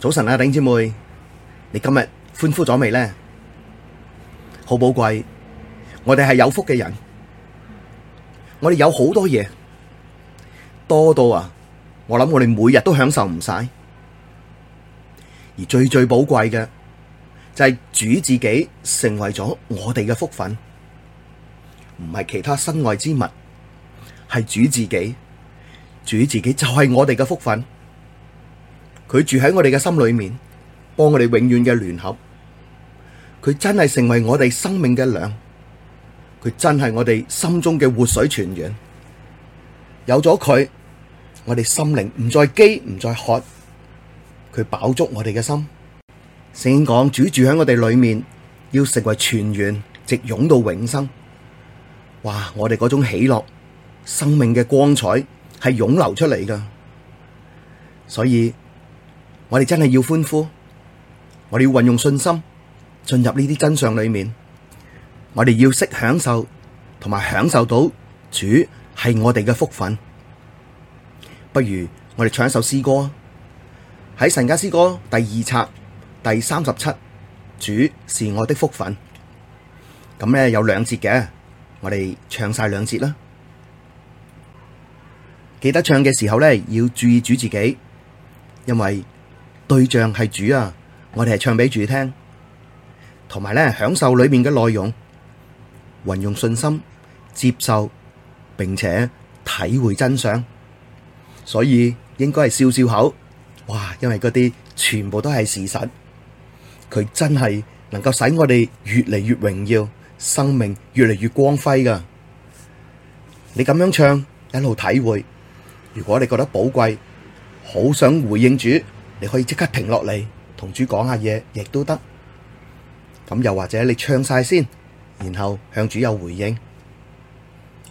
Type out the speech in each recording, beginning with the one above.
早晨啊，頂姐妹，你今日歡呼咗未呢？好寶貴，我哋係有福嘅人，我哋有好多嘢，多到啊！我諗我哋每日都享受唔晒，而最最寶貴嘅就係主自己成為咗我哋嘅福分，唔係其他身外之物，係主自己，主自己就係我哋嘅福分。佢住喺我哋嘅心裏面，幫我哋永遠嘅聯合。佢真係成為我哋生命嘅糧，佢真係我哋心中嘅活水泉源。有咗佢，我哋心靈唔再飢唔再渴，佢飽足我哋嘅心。聖經講主住喺我哋裏面，要成為泉源，直湧到永生。哇！我哋嗰種喜樂、生命嘅光彩係湧流出嚟噶，所以。我哋真係要歡呼，我哋要運用信心進入呢啲真相裏面，我哋要識享受，同埋享受到主係我哋嘅福分。不如我哋唱一首詩歌，喺《神家詩歌》第二冊第三十七，主是我的福分。咁咧有兩節嘅，我哋唱晒兩節啦。記得唱嘅時候咧要注意主自己，因為。對象係主啊，我哋係唱畀主聽，同埋咧享受裏面嘅內容，運用信心接受，並且體會真相。所以應該係笑笑口，哇！因為嗰啲全部都係事實，佢真係能夠使我哋越嚟越榮耀，生命越嚟越光輝噶。你咁樣唱一路體會，如果你覺得寶貴，好想回應主。你可以即刻停落嚟同主講下嘢，亦都得。咁又或者你唱晒先，然後向主有回應。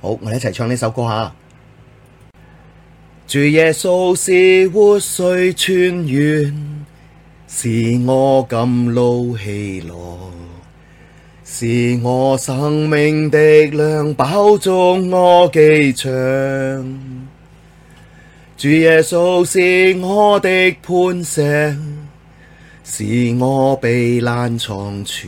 好，我哋一齊唱呢首歌吓。主耶穌是活水泉源，是我甘露喜樂，是我生命的糧，飽足我飢腸。主耶穌是我的磐石，是我避難藏處，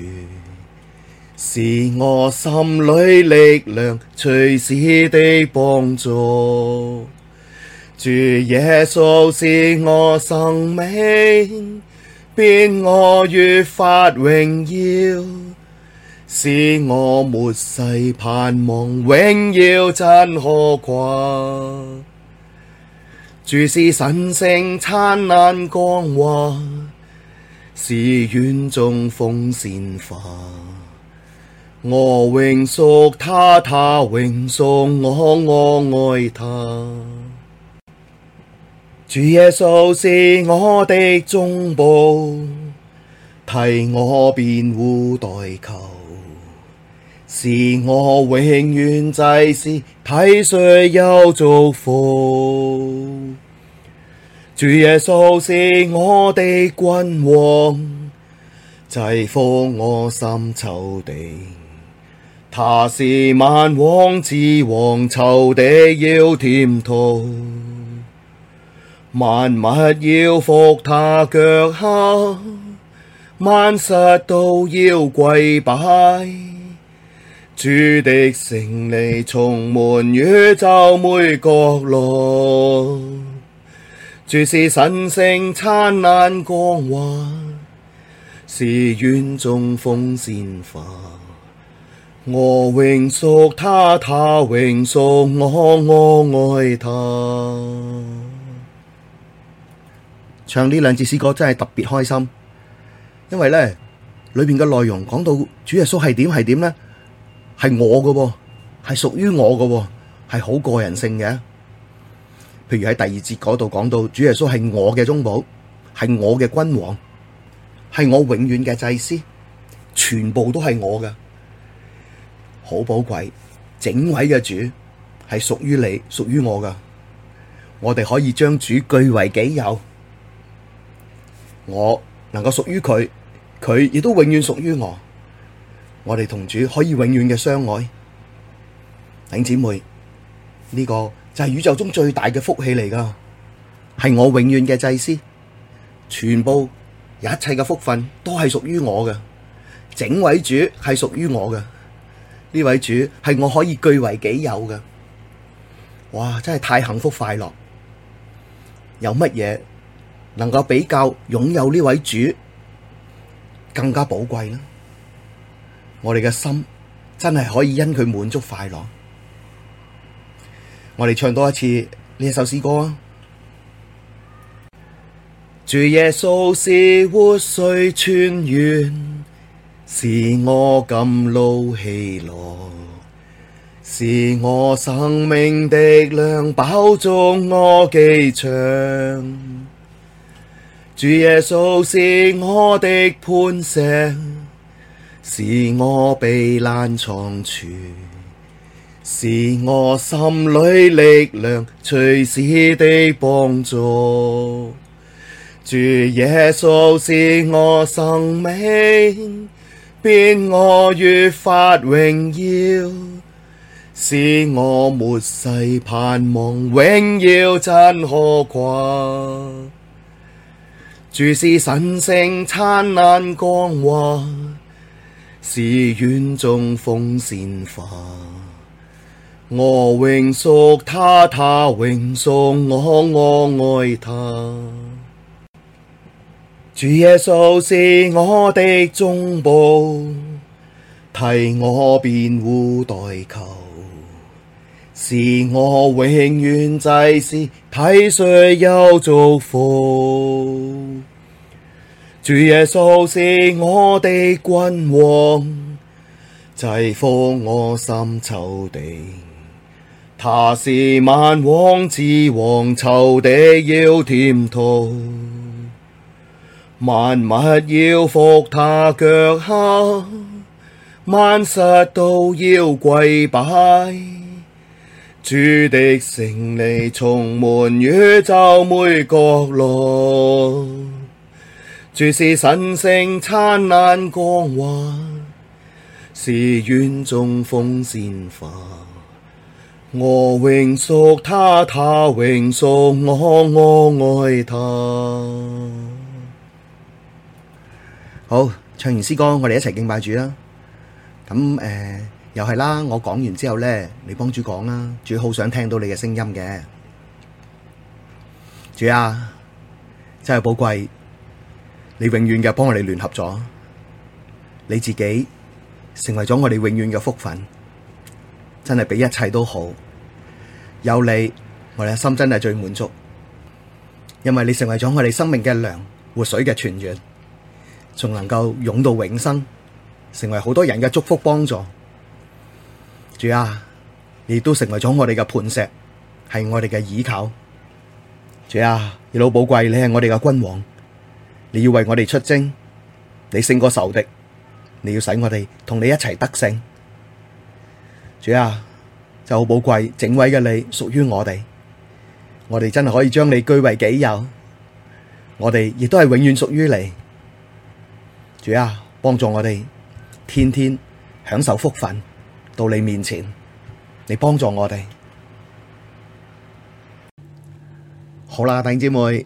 是我心裡力量，隨時的幫助。主耶穌是我生命，變我越發榮耀，是我末世盼望，榮耀真可誇。主是晨星燦爛光華，是園中鳳仙花。我永屬他，他永屬我，我愛他。主耶穌是我的中保，替我辯護代求。是我永遠祭司，體恤又祝福，主耶穌是我的君王，制伏我心仇敵，他是萬王之王，仇敵要餂土，萬物要服他腳下，萬膝都要跪拜。主的勝利充滿宇宙每角落，主是晨星燦爛光華，是園中鳳仙花。我永屬他，他永屬我，我愛他。唱呢兩支詩歌真係特別開心，因為呢裏面嘅內容講到主耶穌係點係點呢？係我嘅，係屬於我嘅，係好個人性嘅。譬如喺第二節嗰度講到，主耶穌係我嘅中保，係我嘅君王，係我永遠嘅祭司，全部都係我嘅，好寶貴。整位嘅主係屬於你，屬於我嘅，我哋可以將主據為己有。我能夠屬於佢，佢亦都永遠屬於我。我哋同主可以永遠嘅相愛，弟兄姊妹，呢個就係宇宙中最大嘅福氣嚟噶，係我永遠嘅祭司，全部一切嘅福分都係屬於我嘅，整位主係屬於我嘅，呢位主係我可以據為己有嘅，哇！真係太幸福快樂，有乜嘢能夠比較擁有呢位主更加寶貴呢？我哋嘅心真係可以因佢滿足快樂，我哋唱多一次呢一首詩歌啊！主耶穌是活水泉源，是我甘露喜樂，是我生命的糧飽足我飢腸。主耶穌是我的磐石。是我避難藏處，是我心裡力量，隨時的幫助。主耶穌是我生命，變我越發榮耀，使我末世盼望，榮耀真可誇。主是晨星燦爛光華。是園中鳳仙花，我永屬他，他，他永屬我，我愛他。主耶穌是我的中保，替我辯護代求，是我永遠祭司，體恤又祝福。主耶穌是我的君王，制伏我心仇敵，他是萬王之王，仇敵要餂土，萬物要服他腳下，萬膝都要跪拜，主的勝利充滿宇宙每角落。主是晨星燦爛光華，是園中鳳仙花。我永屬他，他永屬我，我愛他。好，唱完詩歌，我哋一齊敬拜主啦。咁、嗯、誒、呃，又係啦，我講完之後呢，你幫主講啦，主好想聽到你嘅聲音嘅。主啊，真係寶貴。你永遠嘅，幫我哋聯合咗，你自己成為咗我哋永遠嘅福分，真係比一切都好。有你，我哋嘅心真係最滿足，因為你成為咗我哋生命嘅糧、活水嘅泉源，仲能夠湧到永生，成為好多人嘅祝福幫助。主啊，你亦都成為咗我哋嘅磐石，係我哋嘅依靠。主啊，你老寶貴，你係我哋嘅君王。你要為我哋出征，你勝過仇敵，你要使我哋同你一齊得勝。主啊，就好寶貴、整位嘅你屬於我哋，我哋真係可以將你據為己有，我哋亦都係永遠屬於你。主啊，幫助我哋天天享受福分到你面前，你幫助我哋。好啦，弟兄姊妹。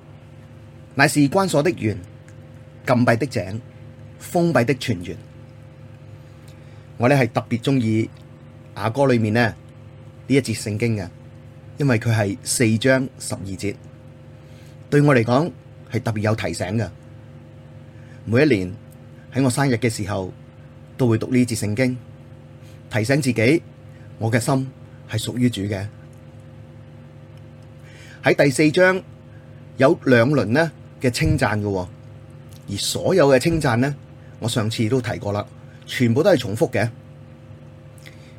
乃是關鎖的園、禁閉的井、封閉的泉源。我呢係特別中意雅歌裏面呢呢一節聖經嘅，因為佢係四章十二節，對我嚟講係特別有提醒嘅。每一年喺我生日嘅時候，都會讀呢節聖經，提醒自己我嘅心係屬於主嘅。喺第四章有兩輪呢。嘅稱讚嘅，而所有嘅稱讚呢，我上次都提過啦，全部都係重複嘅。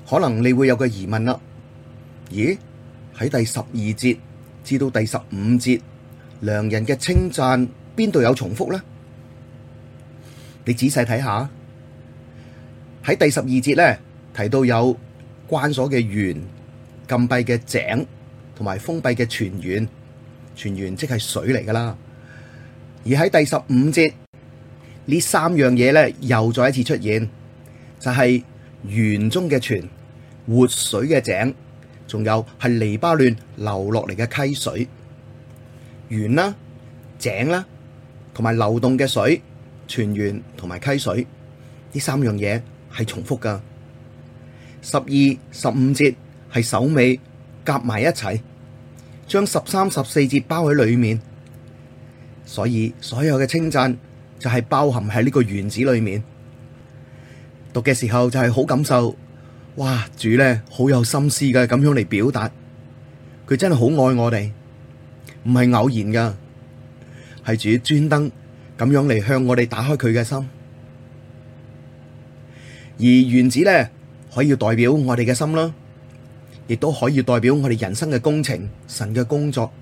可能你會有個疑問啦，咦？喺第十二節至到第十五節，良人嘅稱讚邊度有重複呢？你仔細睇下，喺第十二節呢，提到有關鎖嘅園、禁閉嘅井同埋封閉嘅泉源，泉源即係水嚟噶啦。而喺第十五節，呢三樣嘢咧又再一次出現，就係、是、園中嘅泉、活水嘅井，仲有係黎巴嫩流落嚟嘅溪水，園啦、啊、井啦、啊，同埋流動嘅水、泉源同埋溪水，呢三樣嘢係重複噶。十二、十五節係首尾夾埋一齊，將十三、十四節包喺裏面。所以所有嘅稱讚就係包含喺呢個園子裏面，讀嘅時候就係好感受，哇主咧好有心思嘅咁樣嚟表達，佢真係好愛我哋，唔係偶然噶，係主專登咁樣嚟向我哋打開佢嘅心，而園子咧可以代表我哋嘅心囉，亦都可以代表我哋人生嘅工程，神嘅工作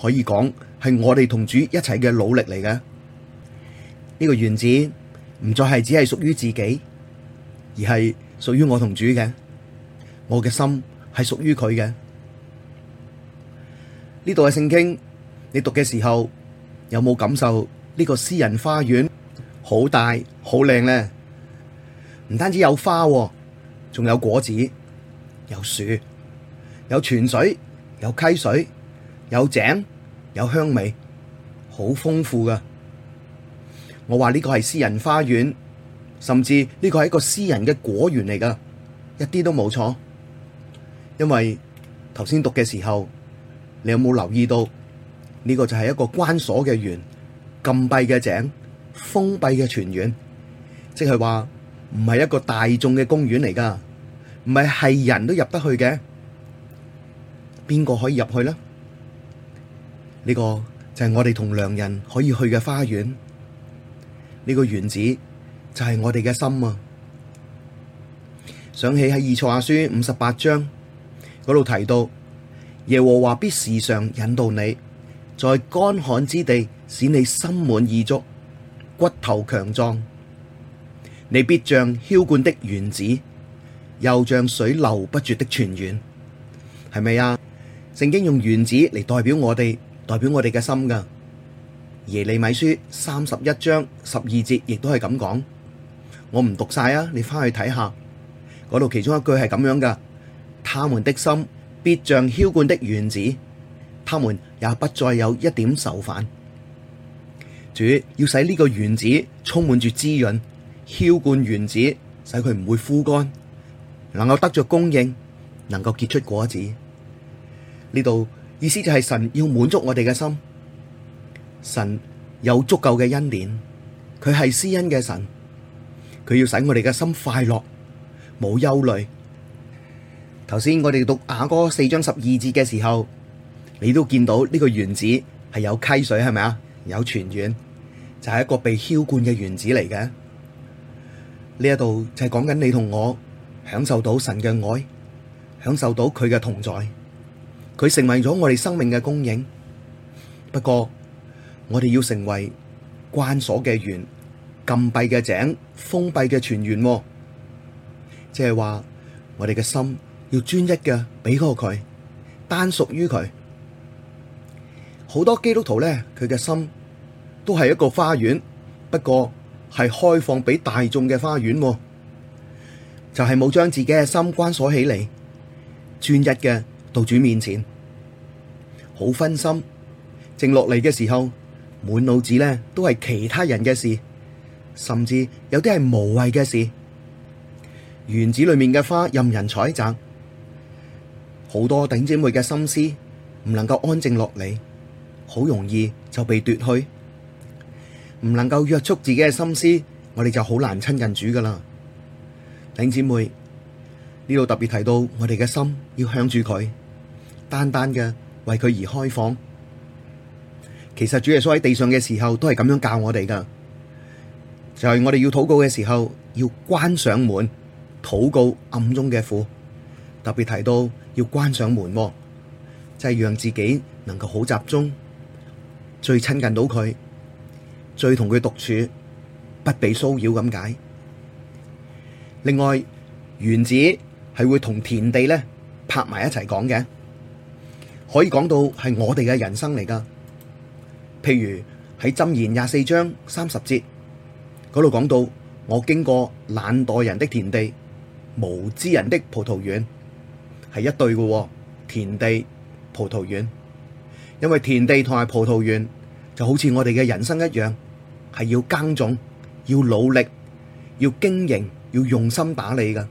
可以講。係我哋同主一齊嘅努力嚟嘅，呢個原子唔再係只係屬於自己，而係屬於我同主嘅。我嘅心係屬於佢嘅。呢度嘅聖經，你讀嘅時候有冇感受呢個私人花園好大好靚咧？唔單止有花啊，仲有果子，有樹，有泉水，有溪水，有井。有香味，好豐富噶我話呢個係私人花園，甚至呢個係一個私人嘅果園嚟噶，一啲都冇錯。因為頭先讀嘅時候，你有冇留意到呢個就係一個關鎖嘅園、禁閉嘅井、封閉嘅泉源，即係話唔係一個大眾嘅公園嚟噶，唔係係人都入得去嘅。邊個可以入去呢？呢個就係我哋同良人可以去嘅花園，呢、這個園子就係我哋嘅心啊！想起喺以賽亞書五十八章嗰度提到，耶和華必時常引導你，在乾旱之地使你心滿意足，骨頭強壯，你必像澆灌的園子，又像水流不絕的泉源，係咪啊？聖經用園子嚟代表我哋。代表我哋嘅心噶耶利米書三十一章十二節亦都係咁講，我唔讀晒啊，你翻去睇下嗰度其中一句係咁樣噶：他們的心必像澆灌的園子，他們也不再有一點愁煩。主要使呢個園子充滿住滋潤，澆灌園子，使佢唔會枯乾，能夠得着供應，能夠結出果子。呢度。意思就係神要滿足我哋嘅心，神有足夠嘅恩典，佢係施恩嘅神，佢要使我哋嘅心快樂，冇憂慮。頭先我哋讀雅歌四章十二節嘅時候，你都見到呢個園子係有溪水，係咪啊？有泉源，就係、是、一個被澆灌嘅園子嚟嘅。呢一度就係講緊你同我享受到神嘅愛，享受到佢嘅同在。佢成為咗我哋生命嘅供應，不過我哋要成為關鎖嘅園、禁閉嘅井、封閉嘅泉源，即係話我哋嘅心要專一嘅，俾個佢，單屬於佢。好多基督徒咧，佢嘅心都係一個花園，不過係開放俾大眾嘅花園，就係、是、冇將自己嘅心關鎖起嚟，專一嘅。到主面前好分心，靜落嚟嘅時候，滿腦子呢都係其他人嘅事，甚至有啲係無謂嘅事。園子裏面嘅花任人採摘，好多頂姐妹嘅心思唔能夠安靜落嚟，好容易就被奪去，唔能夠約束自己嘅心思，我哋就好難親近主㗎喇。頂姐妹呢度特別提到，我哋嘅心要向住佢。單單嘅為佢而開放，其實主耶穌喺地上嘅時候都係咁樣教我哋噶，就係、是、我哋要禱告嘅時候要關上門禱告暗中嘅父，特別提到要關上門，就係、是、讓自己能夠好集中，最親近到佢，最同佢獨處，不被騷擾咁解。另外，園子係會同田地咧拍埋一齊講嘅。可以講到係我哋嘅人生嚟㗎，譬如喺《箴言》廿四章三十節嗰度講到，我經過懶惰人的田地、無知人的葡萄園，係一對嘅喎。田地、葡萄園。因為田地同埋葡萄園就好似我哋嘅人生一樣，係要耕種、要努力、要經營、要用心打理嘅。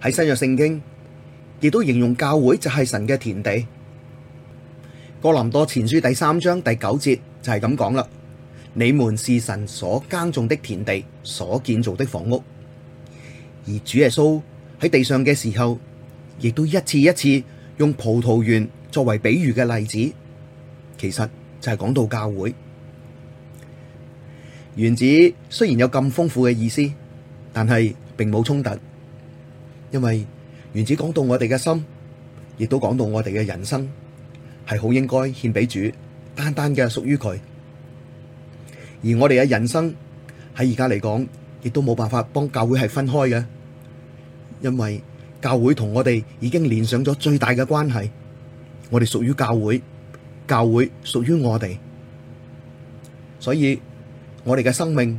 喺新約聖經，亦都形容教會就係神嘅田地，《哥林多前書》第三章第九節就係咁講啦。你們是神所耕種的田地，所建造的房屋。而主耶穌喺地上嘅時候，亦都一次一次用葡萄園作為比喻嘅例子，其實就係講到教會。園子雖然有咁豐富嘅意思，但係並冇衝突，因為。原子講到我哋嘅心，亦都講到我哋嘅人生係好應該獻俾主，單單嘅屬於佢。而我哋嘅人生喺而家嚟講，亦都冇辦法幫教會係分開嘅，因為教會同我哋已經連上咗最大嘅關係。我哋屬於教會，教會屬於我哋，所以我哋嘅生命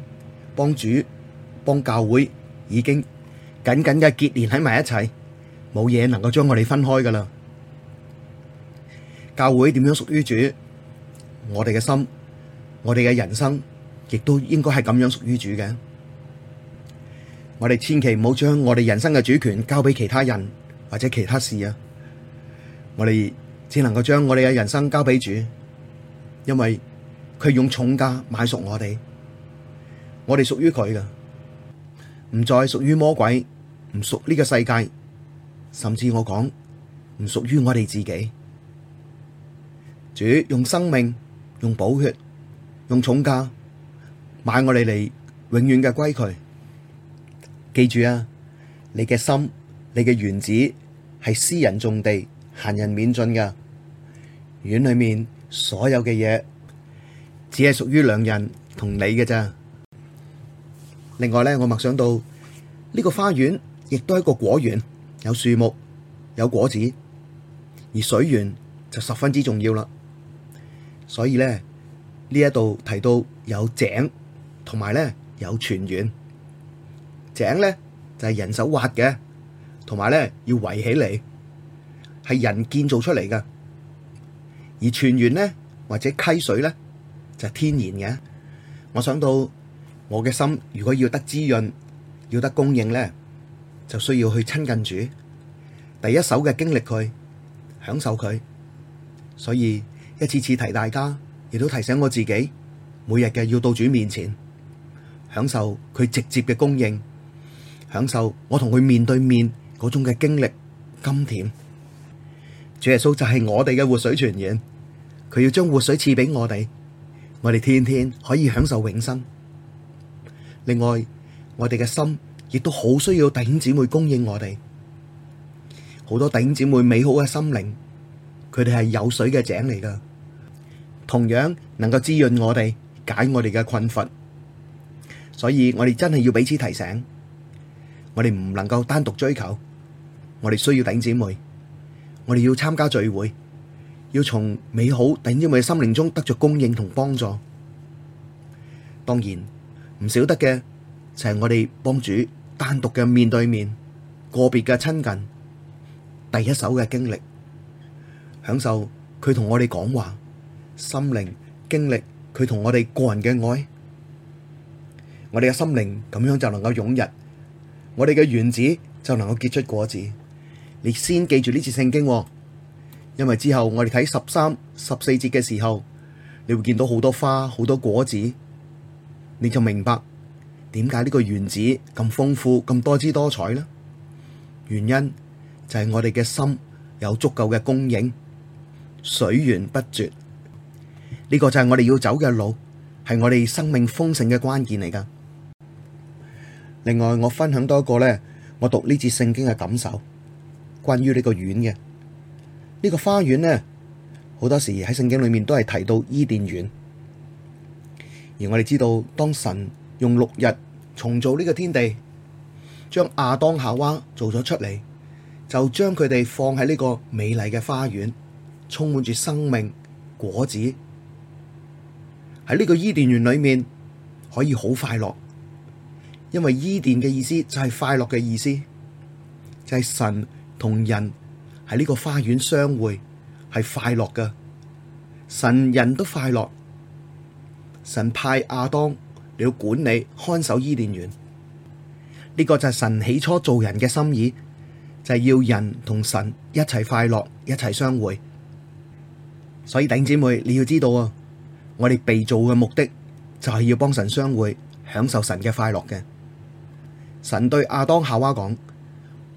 幫主幫教會已經緊緊嘅結連喺埋一齊。冇嘢能夠將我哋分開噶啦，教會點樣屬於主？我哋嘅心，我哋嘅人生亦都應該係咁樣屬於主嘅。我哋千祈唔好將我哋人生嘅主權交俾其他人或者其他事啊！我哋只能夠將我哋嘅人生交俾主，因為佢用重價買贖我哋，我哋屬於佢噶，唔再屬於魔鬼，唔屬呢個世界。甚至我講唔屬於我哋自己，主用生命、用寶血、用重價買我哋嚟，永遠嘅歸佢。記住啊，你嘅心、你嘅園子係私人重地，閒人免進㗎。院裏面所有嘅嘢只係屬於良人同你嘅咋。另外咧，我默想到呢個花園亦都係一個果園。有樹木，有果子，而水源就十分之重要啦。所以咧，呢一度提到有井，同埋咧有泉源。井咧就係人手挖嘅，同埋咧要圍起嚟，係人建造出嚟噶。而泉源咧或者溪水咧就係天然嘅。我想到我嘅心如果要得滋潤，要得供應咧。，就需要去親近主，第一手嘅經歷佢，享受佢。所以一次次提大家，亦都提醒我自己，每日嘅要到主面前，享受佢直接嘅供應，享受我同佢面對面嗰種嘅經歷、甘甜。主耶穌就係我哋嘅活水泉源，佢要將活水賜俾我哋，我哋天天可以享受永生。另外，我哋嘅心。亦都好需要弟兄姊妹供應我哋，好多弟兄姊妹美好嘅心靈，佢哋係有水嘅井嚟㗎，同樣能夠滋潤我哋，解我哋嘅困乏。所以我哋真係要彼此提醒，我哋唔能夠單獨追求，我哋需要弟兄姊妹，我哋要參加聚會，要從美好弟兄姊妹嘅心靈中得着供應同幫助。當然唔少得嘅就係我哋幫主，單獨嘅面對面、個別嘅親近、第一手嘅經歷，享受佢同我哋講話、心靈經歷佢同我哋個人嘅愛，我哋嘅心靈咁樣就能夠湧入，我哋嘅園子就能夠結出果子。你先記住呢次聖經、哦，因為之後我哋睇十三、十四節嘅時候，你會見到好多花、好多果子，你就明白。點解呢個園子咁豐富、咁多姿多彩呢？原因就係我哋嘅心有足夠嘅供應，水源不絕。呢、這個就係我哋要走嘅路，係我哋生命豐盛嘅關鍵嚟㗎。另外，我分享多一個呢，我讀呢節聖經嘅感受，關於呢個院嘅呢、這個花園呢，好多時喺聖經裏面都係提到伊甸園，而我哋知道當神。用六日重造呢個天地，將亞當夏娃做咗出嚟，就將佢哋放喺呢個美麗嘅花園，充滿住生命果子。喺呢個伊甸園裏面可以好快樂，因為伊甸嘅意思就係快樂嘅意思，就係、是、神同人喺呢個花園相會係快樂㗎，神人都快樂。神派亞當。你要管理看守伊甸園，呢、這個就係神起初做人嘅心意，就係、是、要人同神一齊快樂，一齊相會。所以弟兄姐妹，你要知道啊，我哋被造嘅目的就係要幫神相會，享受神嘅快樂嘅。神對亞當夏娃講：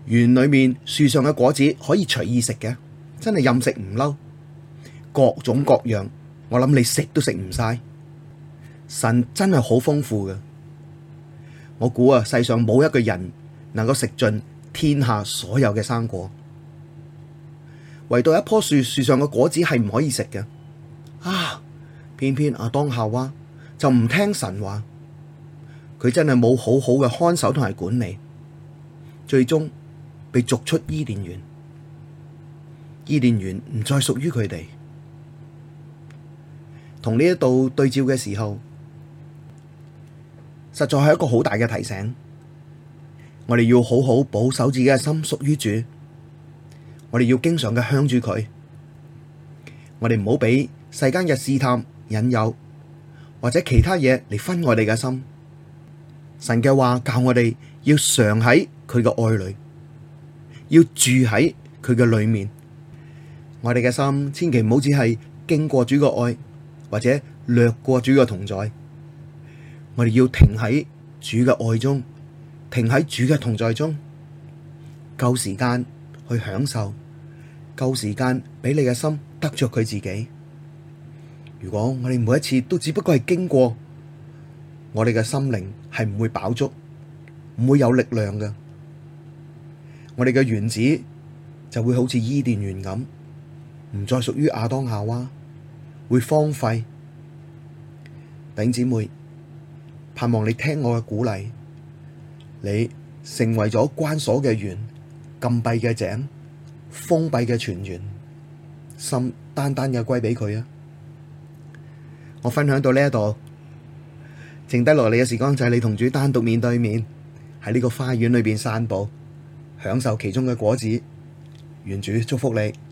園裏面樹上嘅果子可以隨意食嘅，真係任食唔嬲，各種各樣，我諗你食都食唔晒。神真係好豐富嘅，我估啊，世上冇一個人能夠食盡天下所有嘅生果，唯獨一棵樹樹上嘅果子係唔可以食嘅。啊，偏偏阿當夏娃就唔聽神話，佢真係冇好好嘅看守同埋管理，最終被逐出伊甸園，伊甸園唔再屬於佢哋。同呢一度對照嘅時候。實在係一個好大嘅提醒，我哋要好好保守自己嘅心屬於主，我哋要經常嘅向住佢，我哋唔好俾世間嘅試探引誘，或者其他嘢嚟，分我哋嘅心。神嘅話教我哋要常喺佢嘅愛裏，要住喺佢嘅裡面。我哋嘅心千祈唔好只係經過主嘅愛，或者掠過主嘅同在。我哋要停喺主嘅愛中，停喺主嘅同在中，夠時間去享受，夠時間俾你嘅心得著佢自己。如果我哋每一次都只不過係經過，我哋嘅心靈係唔會飽足，唔會有力量嘅。我哋嘅園子就會好似伊甸園咁，唔再屬於亞當夏娃，會荒廢。丁姊妹。盼望你聽我嘅鼓勵，你成為咗關鎖嘅園、禁閉嘅井、封閉嘅泉源，心單單嘅歸俾佢啊！我分享到呢一度，剩低落嚟嘅時光就係你同主單獨面對面，喺呢個花園裏邊散步，享受其中嘅果子。願主祝福你。